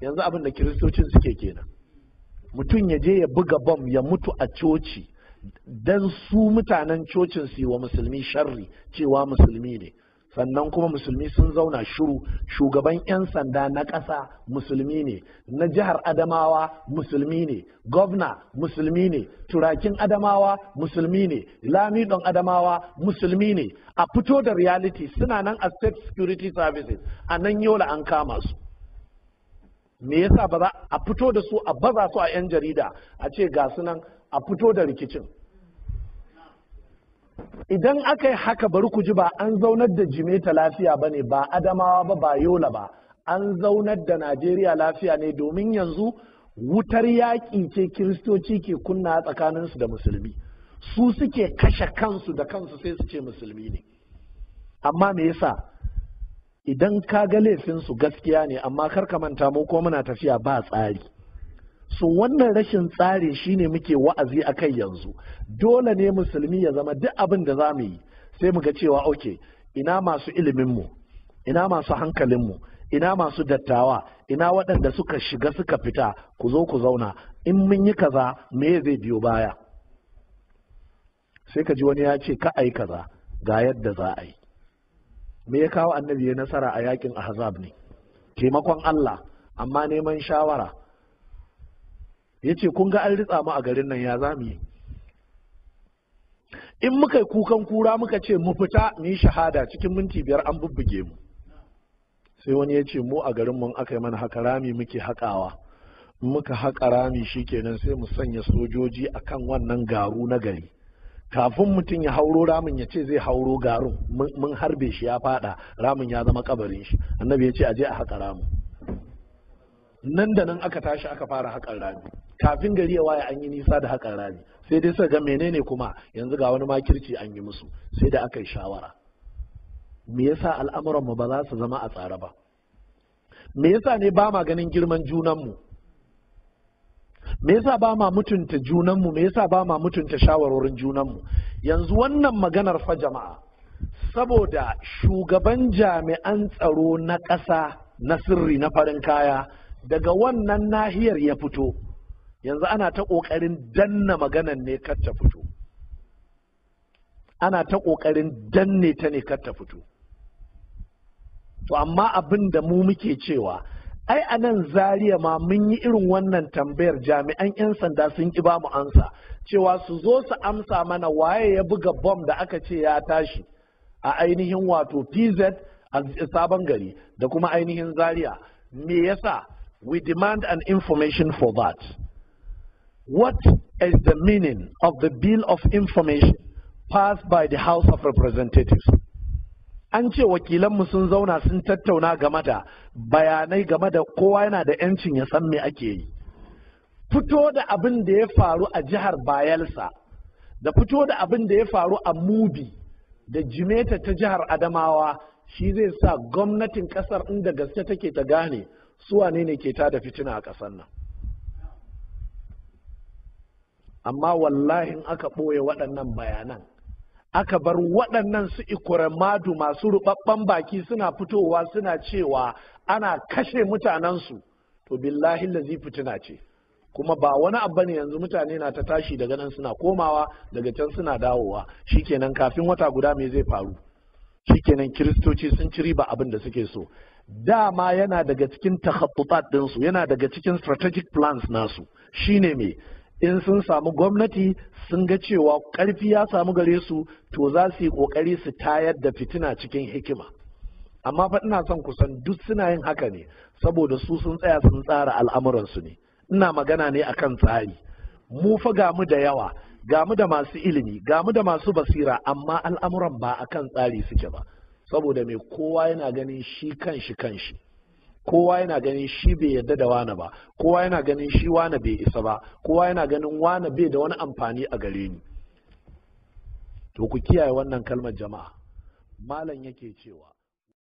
yanzu abin da kiristocin suke kenan mutum ya je ya buga bom ya mutu a coci don su mutanen cocin su wa musulmi sharri cewa musulmi ne sannan kuma musulmi sun zauna shiru shugaban 'yan sanda na ƙasa musulmi ne na jihar adamawa musulmi ne gwamna musulmi ne turakin adamawa musulmi ne lamidon adamawa musulmi ne a fito da reality suna nan a state security services a nan yola an kama su me yasa ba za a fito da su a baza su a 'yan jarida a ce ga nan a fito da rikicin idan aka yi haka bari ku ji ba an zaunar da jimeta lafiya ba ne ba adamawa ba ba yola ba an zaunar da najeriya lafiya ne domin yanzu wutar yaƙi ce kiristoci ke kunna tsakaninsu da musulmi su suke kashe kansu da kansu sai su ce musulmi ne amma me yasa idan ka ga su gaskiya ne amma kar ka manta mu ko muna tafiya ba tsari su. wannan rashin tsari shine muke wa'azi a kai yanzu dole ne musulmi ya zama duk abin da za mu yi sai mu ga cewa oke ina masu iliminmu ina masu hankalinmu ina masu dattawa ina waɗanda suka shiga suka fita ku zo ku zauna in mun yi kaza me zai biyo baya sai ka ji wani ya ce ka ai kaza ga yadda za a yi me ya kawo annabi ya nasara a yakin ahzab ne taimakon Allah amma neman shawara yace ce kun ga an ritsa mu a garin nan ya za yi in muka kukan kura muka ce mu fita mu shahada cikin minti biyar an bubbuge mu sai wani ya ce mu a garin mun aka yi mana haka rami muke haƙawa muka haƙa rami shikenan sai mu sanya sojoji akan wannan garu na gari kafin mutum ya hauro ramin ya ce zai hauro garin mun harbe shi ya fada ramin ya zama kabarin shi annabi ya ce aje a haƙa ramin nan da nan aka tashi aka fara haƙar rami kafin gari ya waye an yi nisa da haƙar rami sai dai saka ga menene kuma yanzu ga wani makirci an yi musu sai da aka yi shawara me yasa al'amuranmu ba za su zama a tsare ba me yasa ne ba ma ganin girman junanmu me yasa ba ma mutunta junanmu me yasa ba ma mutunta shawarorin junanmu yanzu wannan maganar fa jama'a saboda shugaban jami'an tsaro na ƙasa na sirri na farin kaya daga wannan nahiyar ya fito yanzu ana ta ƙoƙarin danna maganan ne kar ta fito ana ta ƙoƙarin danne ta ne kar ta fito to amma abinda mu muke cewa ai anan nan zariya ma mun yi irin wannan tambayar jami'an 'yan sanda sun ki bamu ansa cewa su zo su amsa mana waye ya buga bom da aka ce ya tashi a ainihin wato pz a sabon gari da kuma ainihin zaria me yasa we demand an information for that what is the meaning of the bill of information passed by the house of representatives an ce wakilanmu sun zauna sun tattauna game da bayanai game da kowa yana da 'yancin ya san me ake yi fito da abin da ya faru a jihar bayelsa da fito da abin da ya faru a mubi da jimeta ta jihar adamawa shi zai sa gwamnatin kasar inda gaske take ta gane suwa ne ke ta da fitina a ƙasar nan amma wallahin aka ɓoye waɗannan bayanan aka bar waɗannan su madu masu ruɓaɓɓen baki suna fitowa suna cewa ana kashe mutanensu to billahi lazi fitina ce kuma ba wani abu ne yanzu mutane na ta tashi daga nan suna komawa daga can suna dawowa shikenan kafin wata guda me zai faru shikenan kiristoci sun ci riba abin da suke so dama yana daga cikin takhattutat ɗinsu yana daga cikin strategic plans nasu shine me in sun samu gwamnati sun ga cewa ƙarfi ya samu gare su to za su yi ƙoƙari su tayar da fitina cikin hikima amma fa ina son kusan duk suna yin haka ne saboda su sun tsaya sun tsara al'amuransu ne ina magana ne akan tsari mu fa ga mu da yawa ga mu da masu ilimi ga mu da masu basira amma al'amuran ba akan tsari suke ba saboda mai kowa yana ganin shi kan shi kan shi kowa yana ganin shi bai yadda da wane ba kowa yana ganin shi wane bai isa ba kowa yana ganin wane bai da wani amfani a gare ni to ku kiyaye wannan kalmar jama'a malam yake cewa